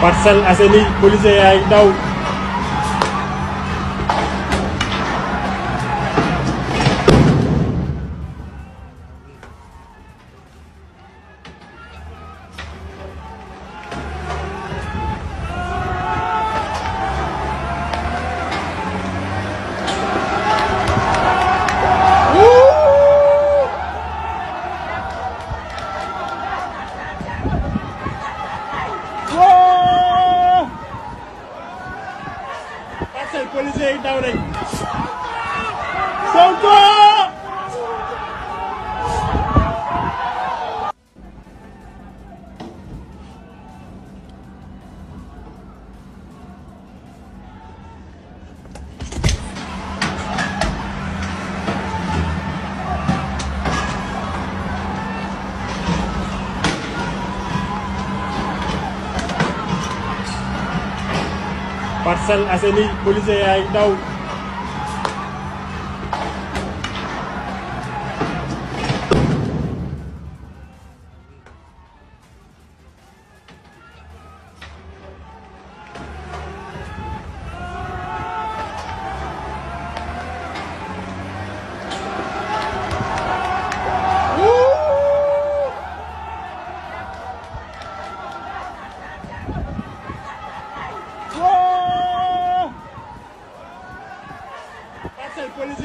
Parcelles Assainies policiers yaay daw policiers yi daw nañ Sonko Parcelles Assainies policiers yaay daw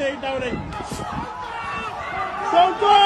yi daw nañ Sonko